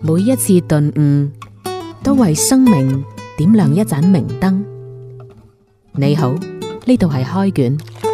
每一次頓悟，都為生命點亮一盞明燈。你好，呢度係開卷。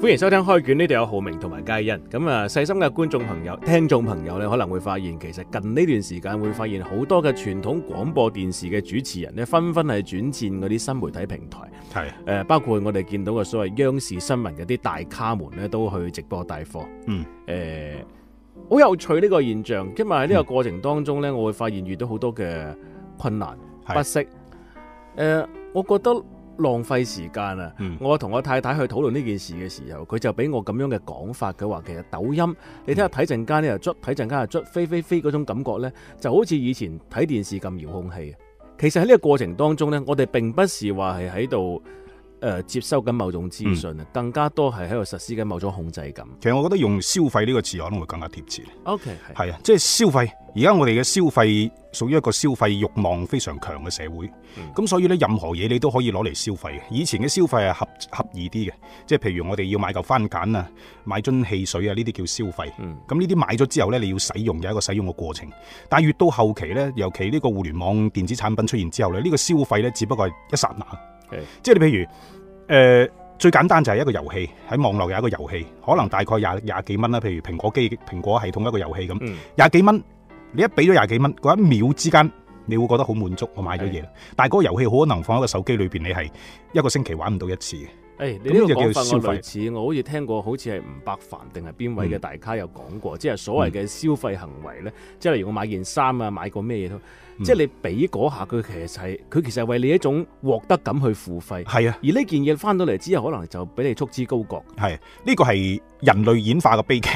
歡迎收聽開卷，呢度有浩明同埋佳欣。咁啊，細心嘅觀眾朋友、聽眾朋友咧，可能會發現，其實近呢段時間會發現好多嘅傳統廣播電視嘅主持人咧，紛紛係轉戰嗰啲新媒體平台。係誒是、呃，包括我哋見到嘅所謂央視新聞嗰啲大咖們咧，都去直播帶貨。嗯。誒、呃，好有趣呢個現象，因為喺呢個過程當中咧，嗯、我會發現遇到好多嘅困難、是不適。誒、呃，我覺得。浪費時間啊！嗯、我同我太太去討論呢件事嘅時候，佢就俾我咁樣嘅講法，佢話其實抖音你睇下睇陣間，你又、嗯、捽睇陣間又捽飛飛飛嗰種感覺呢，就好似以前睇電視咁遙控器。其實喺呢個過程當中呢，我哋並不是話係喺度。誒、呃、接收緊某種資訊啊，嗯、更加多係喺度實施緊某種控制感。其實我覺得用消費呢個詞可能會更加貼切。OK，係啊，即係消費。而家我哋嘅消費屬於一個消費欲望非常強嘅社會。咁、嗯、所以呢，任何嘢你都可以攞嚟消費。以前嘅消費係合、嗯、合義啲嘅，即係譬如我哋要買嚿番梘啊，買樽汽水啊，呢啲叫消費。咁呢啲買咗之後呢，你要使用有一個使用嘅過程。但係越到後期呢，尤其呢個互聯網電子產品出現之後呢，呢、這個消費呢，只不過係一剎那。即係你譬如，誒、呃、最簡單就係一個遊戲喺網絡有一個遊戲，可能大概廿廿幾蚊啦。譬如蘋果機、蘋果系統一個遊戲咁，廿幾蚊，你一俾咗廿幾蚊，嗰一秒之間你會覺得好滿足，我買咗嘢是的 但係嗰個遊戲可能放喺個手機裏邊，你係一個星期玩唔到一次。誒、哎，你呢個講法叫我類似，我好似聽過，好似係吳伯凡定係邊位嘅大咖有講過，嗯、即係所謂嘅消費行為咧，即係例如我買件衫啊，買個咩嘢都，嗯、即係你俾嗰下佢，其實係佢其實係為你一種獲得感去付費，係啊，而呢件嘢翻到嚟之後，可能就俾你束之高閣，係呢、啊這個係人類演化嘅悲劇。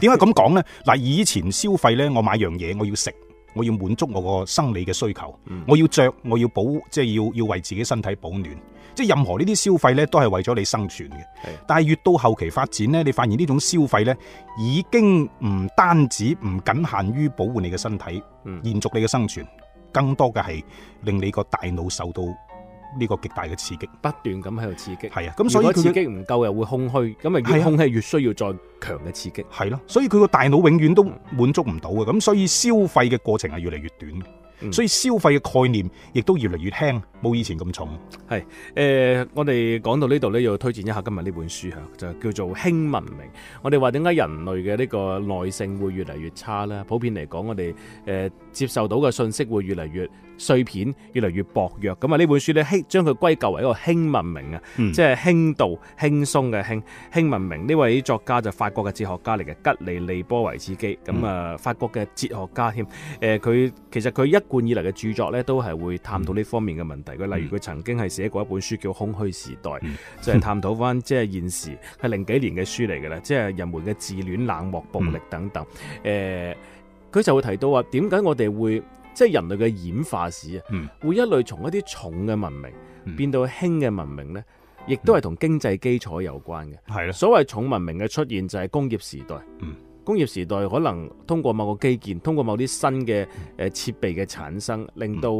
點解咁講咧？嗱， 以前消費咧，我買樣嘢我要食。我要滿足我個生理嘅需求，嗯、我要着，我要保，即、就、係、是、要要為自己身體保暖，即係任何呢啲消費呢，都係為咗你生存嘅。的但係越到後期發展呢，你發現呢種消費呢，已經唔單止唔僅限於保護你嘅身體，嗯、延續你嘅生存，更多嘅係令你個大腦受到。呢個極大嘅刺激，不斷咁喺度刺激，係啊。咁如果刺激唔夠，又會空虛，咁啊越空虛越需要再強嘅刺激，係咯、啊。所以佢個大腦永遠都滿足唔到嘅，咁所以消費嘅過程係越嚟越短，所以消費嘅、嗯、概念亦都越嚟越輕，冇以前咁重。係，誒、呃，我哋講到呢度咧，要推薦一下今日呢本書吓，就叫做《輕文明》。我哋話點解人類嘅呢個耐性會越嚟越差咧？普遍嚟講，我哋誒、呃、接受到嘅信息會越嚟越。碎片越嚟越薄弱，咁啊呢本書咧，輕將佢歸咎為一個輕文明啊，嗯、即係輕度輕鬆嘅輕輕文明。呢位作家就法國嘅哲學家嚟嘅，吉勒·利波維茨基。咁、嗯、啊、嗯、法國嘅哲學家添，誒、呃、佢其實佢一貫以嚟嘅著作咧都係會探討呢方面嘅問題。佢例如佢曾經係寫過一本書叫《空虛時代》，嗯、就係探討翻，即係現時係零幾年嘅書嚟嘅啦，即係人們嘅自戀、冷漠、暴力等等。誒、呃、佢就會提到話點解我哋會，即係人類嘅演化史啊，會一類從一啲重嘅文明變到輕嘅文明呢，亦都係同經濟基礎有關嘅。係啦，所謂重文明嘅出現就係工業時代。嗯，工業時代可能通過某個基建，通過某啲新嘅誒設備嘅產生，令到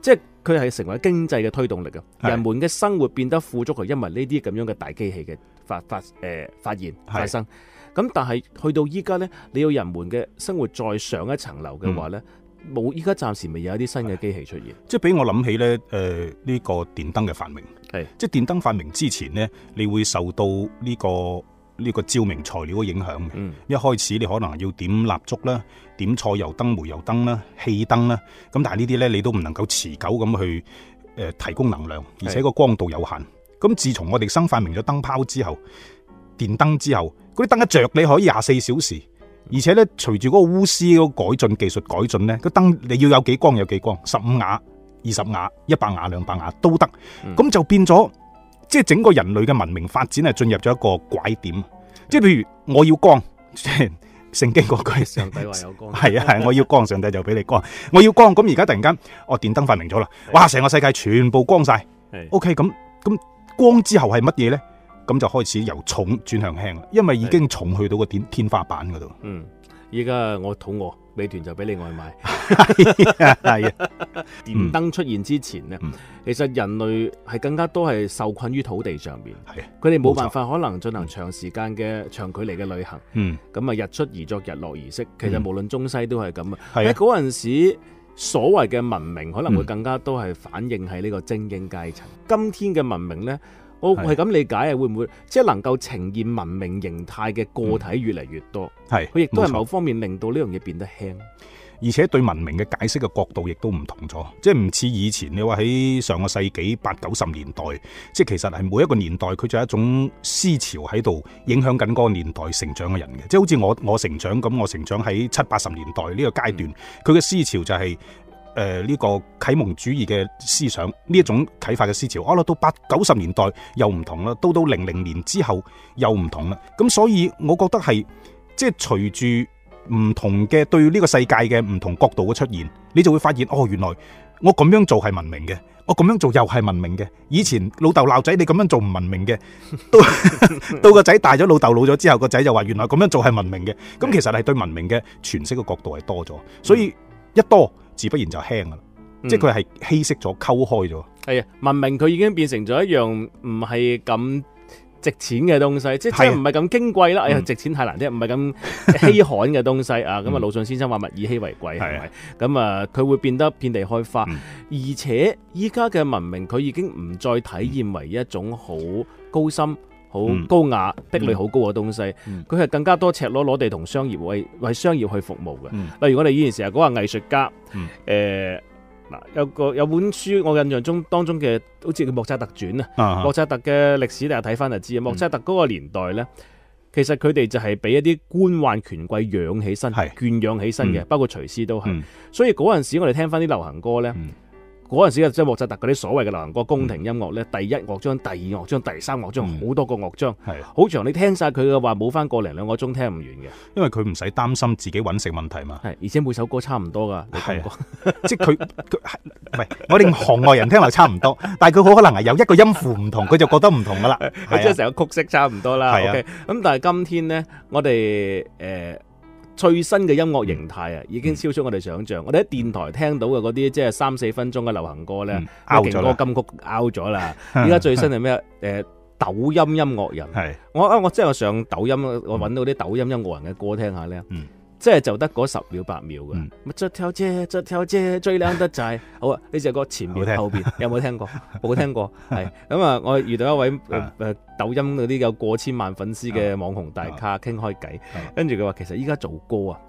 即係佢係成為經濟嘅推動力啊。人們嘅生活變得富足，係因為呢啲咁樣嘅大機器嘅發發誒發現發生。咁但係去到依家呢，你要人們嘅生活再上一層樓嘅話呢。冇，依家暫時未有一啲新嘅機器出現。即係俾我諗起咧，誒、呃、呢、呢個電燈嘅發明係。是即係電燈發明之前咧，你會受到呢、呢個呢、呢個照明材料嘅影響嘅。嗯、一開始你可能要點蠟燭啦，點菜油燈、煤油燈啦、氣燈啦。咁但係呢啲咧，你都唔能夠持久咁去誒提供能量，而且個光度有限。咁是自從我哋新發明咗燈泡之後，電燈之後，嗰啲燈一着你可以廿四小時。而且咧，隨住嗰個鎢絲嗰改進技術改進咧，個燈你要有幾光有幾光，十五瓦、二十瓦、一百瓦、兩百瓦都得。咁、嗯、就變咗，即、就、係、是、整個人類嘅文明發展係進入咗一個拐點。即係、嗯、譬如我要光，聖、嗯、 經嗰句嘢，上帝話有光，係 啊係，我要光， 上帝就俾你光。我要光，咁而家突然間，我電燈發明咗啦，哇，成個世界全部光晒。O K，咁咁光之後係乜嘢咧？咁就開始由重轉向輕，因為已經重去到個天天花板嗰度。嗯，依家我肚餓，美團就俾你外賣。係啊，電燈出現之前呢，嗯、其實人類係更加多係受困於土地上面。佢哋冇辦法可能進行長時間嘅、嗯、長距離嘅旅行。嗯，咁啊日出而作日落而息，其實無論中西都係咁啊。係啊、嗯，嗰陣時所謂嘅文明可能會更加多係反映喺呢個精英階層。今天嘅文明呢。我係咁理解啊，會唔會即係能夠呈現文明形態嘅個體越嚟越多？係、嗯，佢亦都係某方面令到呢樣嘢變得輕，而且對文明嘅解釋嘅角度亦都唔同咗。即係唔似以前，你話喺上個世紀八九十年代，即係其實係每一個年代佢就係一種思潮喺度影響緊嗰個年代成長嘅人嘅。即係好似我我成長咁，我成長喺七八十年代呢個階段，佢嘅、嗯、思潮就係、係。誒，呢、呃呢個啟蒙主義嘅思想呢，一種啟發嘅思潮，我、哦、咯到八九十年代又唔同啦，到到零零年之後又唔同啦。咁所以我覺得係即係隨住唔同嘅對呢個世界嘅唔同角度嘅出現，你就會發現哦，原來我咁樣做係文明嘅，我咁樣做又係文明嘅。以前老豆鬧仔，你咁樣做唔文明嘅，到 到個仔大咗，老豆老咗之後，個仔就話原來咁樣做係文明嘅。咁其實係對文明嘅詮釋嘅角度係多咗，所以一多，自不然就輕噶啦，嗯、即係佢係稀釋咗、溝開咗。係啊，文明佢已經變成咗一樣唔係咁值錢嘅東西，的即係唔係咁矜貴啦。嗯、哎呀，值錢太難聽，唔係咁稀罕嘅東西 啊。咁啊，魯迅先生話：物以稀為貴，係咪的？咁啊的，佢、嗯、會變得遍地開花，嗯、而且依家嘅文明佢已經唔再體現為一種好高深，好高雅、逼力好高嘅東西，佢係更加多赤裸裸地同商業為為商業去服務嘅。例如我哋以前成日講話藝術家，誒嗱有個有本書，我印象中當中嘅好似叫莫扎特傳啊。莫扎特嘅歷史你又睇翻就知，莫扎特嗰個年代咧，其實佢哋就係俾一啲官宦權貴養起身、圈養起身嘅，包括廚師都係。所以嗰陣時我哋聽翻啲流行歌咧。嗰陣時啊，即係莫扎特嗰啲所謂嘅流行歌、宮廷音樂咧，第一樂章、第二樂章、第三樂章，好多個樂章，係好、嗯、長。你聽晒佢嘅話，冇翻過嚟兩個鐘聽唔完嘅，因為佢唔使擔心自己揾食問題嘛。係，而且每首歌差唔多噶，你講過，即係佢佢係唔係？我哋行外人聽落差唔多， 但係佢好可能係有一個音符唔同，佢就覺得唔同噶啦。即係成個曲式差唔多啦的。OK，咁但係今天咧，我哋誒。呃最新嘅音樂形態啊，已經超出我哋想象。嗯、我哋喺電台聽到嘅嗰啲即係三四分鐘嘅流行歌咧，勁歌、嗯、金曲 out 咗啦。依家最新係咩？誒、 呃，抖音音樂人。係是，我啊，我真係上抖音，我揾到啲抖音音樂人嘅歌聽下咧。嗯即係就得嗰十秒八秒嘅，咪着跳姐，着跳姐最靚得滯。好啊。呢隻歌前面後邊有冇聽過？冇聽過係咁啊。我遇到一位誒誒抖音嗰啲有過千萬粉絲嘅網紅大咖傾開偈，跟住佢話其實依家做歌啊，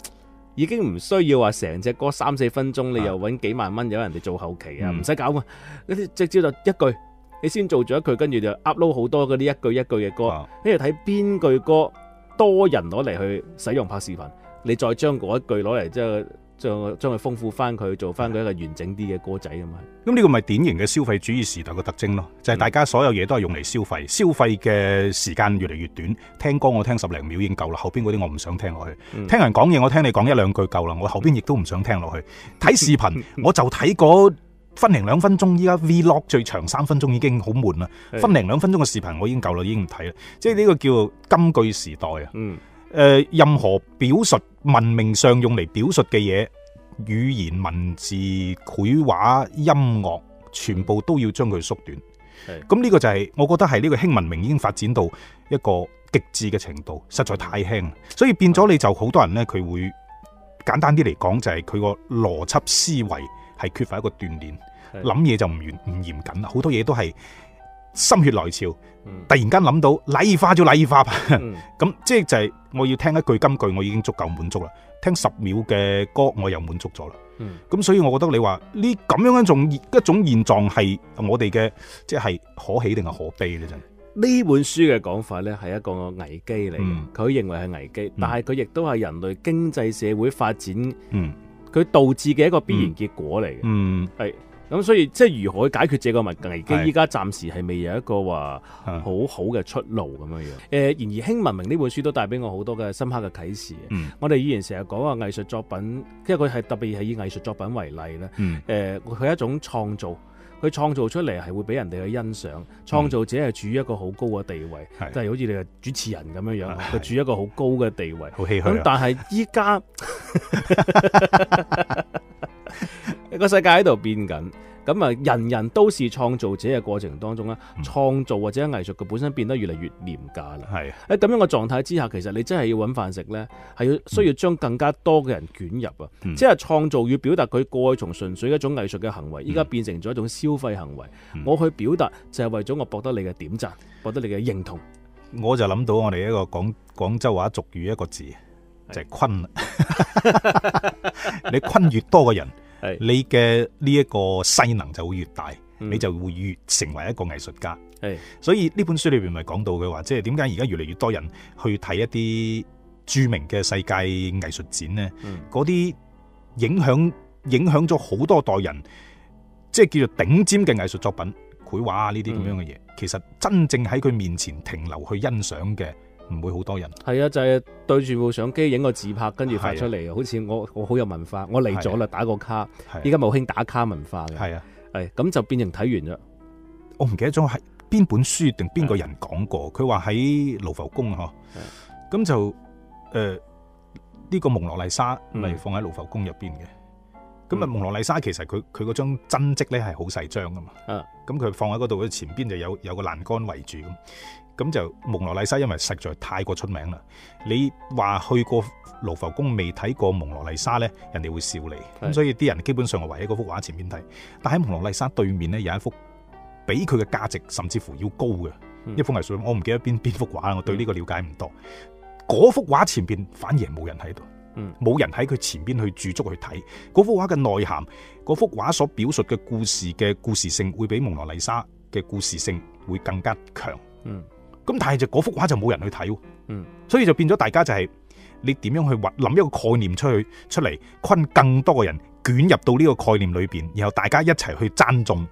已經唔需要話成隻歌三四分鐘，你又揾幾萬蚊有人哋做後期啊，唔使搞啊。啲直接就一句，你先做咗一句，跟住就 upload 好多嗰啲一句一句嘅歌，跟住睇邊句歌多人攞嚟去使用拍視頻。你再將嗰一句攞嚟，即係將將佢豐富翻，佢做翻佢一個完整啲嘅歌仔啊嘛。咁呢個咪典型嘅消費主義時代嘅特徵咯，就係、是、大家所有嘢都係用嚟消費，消費嘅時間越嚟越短。聽歌我聽十零秒已經夠啦，後邊嗰啲我唔想聽落去。嗯、聽人講嘢我聽你講一兩句夠啦，我後邊亦都唔想聽落去。睇視頻我就睇嗰分零兩,兩分鐘，依家 Vlog 最長三分鐘已經好悶啦，是分零兩,兩分鐘嘅視頻我已經夠啦，已經唔睇啦。即係呢個叫金句時代啊。嗯。誒、呃、任何表述文明上用嚟表述嘅嘢，語言文字、繪畫、音樂，全部都要將佢縮短。係咁呢個就係、是、我覺得係呢個輕文明已經發展到一個極致嘅程度，實在太輕。所以變咗你就好多人呢，佢會簡單啲嚟講，就係佢個邏輯思維係缺乏一個鍛鍊，諗嘢的就唔嚴唔嚴謹，好多嘢都係。心血來潮，突然間諗到禮花就禮花，咁、嗯、 即係就係我要聽一句金句，我已經足夠滿足啦。聽十秒嘅歌，我又滿足咗啦。咁、嗯、所以我覺得你話呢，咁樣一種一種現狀係我哋嘅，即係可喜定係可悲呢？真？呢本書嘅講法呢，係一個危機嚟，嘅。佢認為係危機，但係佢亦都係人類經濟社會發展，佢導致嘅一個必然結果嚟嘅。嗯，係、嗯。嗯嗯嗯嗯咁所以即係如何解決這個危機？依家是暫時係未有一個話好好嘅出路咁樣樣。誒、啊，然而《輕文明》呢本書都帶俾我好多嘅深刻嘅啟示。嗯、我哋以前成日講話藝術作品，即係佢係特別係以藝術作品為例啦。嗯。佢係、呃、一種創造，佢創造出嚟係會俾人哋去欣賞，創造者係處於一個好高嘅地位，即係、嗯、好似你嘅主持人咁樣樣，佢是、啊、處一個好高嘅地位。好唏噓咁，但係依家，一個世界喺度變緊，咁啊，人人都是創造者嘅過程當中咧，創、嗯、造或者藝術嘅本身變得越嚟越廉價啦。係喺咁樣嘅狀態之下，其實你真係要揾飯食呢，係要需要將更加多嘅人捲入啊！嗯、即係創造與表達佢過去從純粹一種藝術嘅行為，依家變成咗一種消費行為。嗯、我去表達就係、是、為咗我博得你嘅點讚，博得你嘅認同。我就諗到我哋一個廣廣州話俗語一個字，就係、是、昆 你昆越多嘅人，係你嘅呢一個勢能就會越大，嗯、你就會越成為一個藝術家。係、嗯、所以呢本書裏邊咪講到嘅話，即係點解而家越嚟越多人去睇一啲著名嘅世界藝術展咧？嗰啲、嗯、影響影響咗好多代人，即、就、係、是、叫做頂尖嘅藝術作品、繪畫啊呢啲咁樣嘅嘢，嗯、其實真正喺佢面前停留去欣賞嘅。唔會好多人，係啊，就係、是、對住部相機影個自拍，跟住發出嚟，啊、好似我我好有文化，我嚟咗啦，啊、打個卡，依家咪好興打卡文化咯，係啊，係咁、啊、就變成睇完咗。我唔記得咗係邊本書定邊個人講過，佢話喺盧浮宮呵，咁、啊、就誒呢、呃這個蒙羅麗莎咪、嗯啊、放喺盧浮宮入邊嘅。咁、嗯、啊，蒙羅麗莎其實佢佢嗰張真迹咧係好細張噶嘛，咁佢放喺嗰度嘅前邊就有有個欄杆圍住咁，咁就蒙羅麗莎因為實在太過出名啦，你話去過盧浮宮未睇過蒙羅麗莎咧，人哋會笑你，咁是所以啲人基本上係圍喺嗰幅畫前面睇，但喺蒙羅麗莎對面咧有一幅比佢嘅價值甚至乎要高嘅、嗯、一幅藝術，我唔記得邊邊幅畫，我對呢個了解唔多，嗰、嗯嗯、幅畫前邊反而冇人喺度。冇、嗯、人喺佢前邊去駐足去睇嗰幅畫嘅內涵，嗰幅畫所表述嘅故事嘅故事性會比蒙娜麗莎嘅故事性會更加強。嗯，咁但係就嗰幅畫就冇人去睇。嗯，所以就變咗大家就係、是、你點樣去諗一個概念出去出嚟，困更多嘅人捲入到呢個概念裏邊，然後大家一齊去讚頌，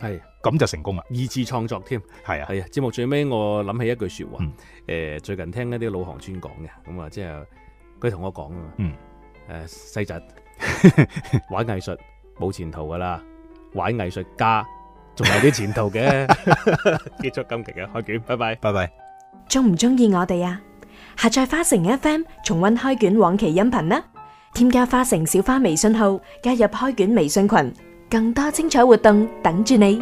係咁、啊、就成功啦。二次創作添，係啊，係啊。節、啊、目最尾我諗起一句說話，誒、嗯欸，最近聽一啲老行尊講嘅，咁啊，即係。佢同我講啊，嗯，誒細侄玩藝術冇前途噶啦，玩藝術家仲有啲前途嘅。結束今期嘅開卷，拜拜拜拜。中唔中意我哋啊？下載花城 FM 重溫開卷往期音頻啦，添加花城小花微信號加入開卷微信群，更多精彩活動等住你。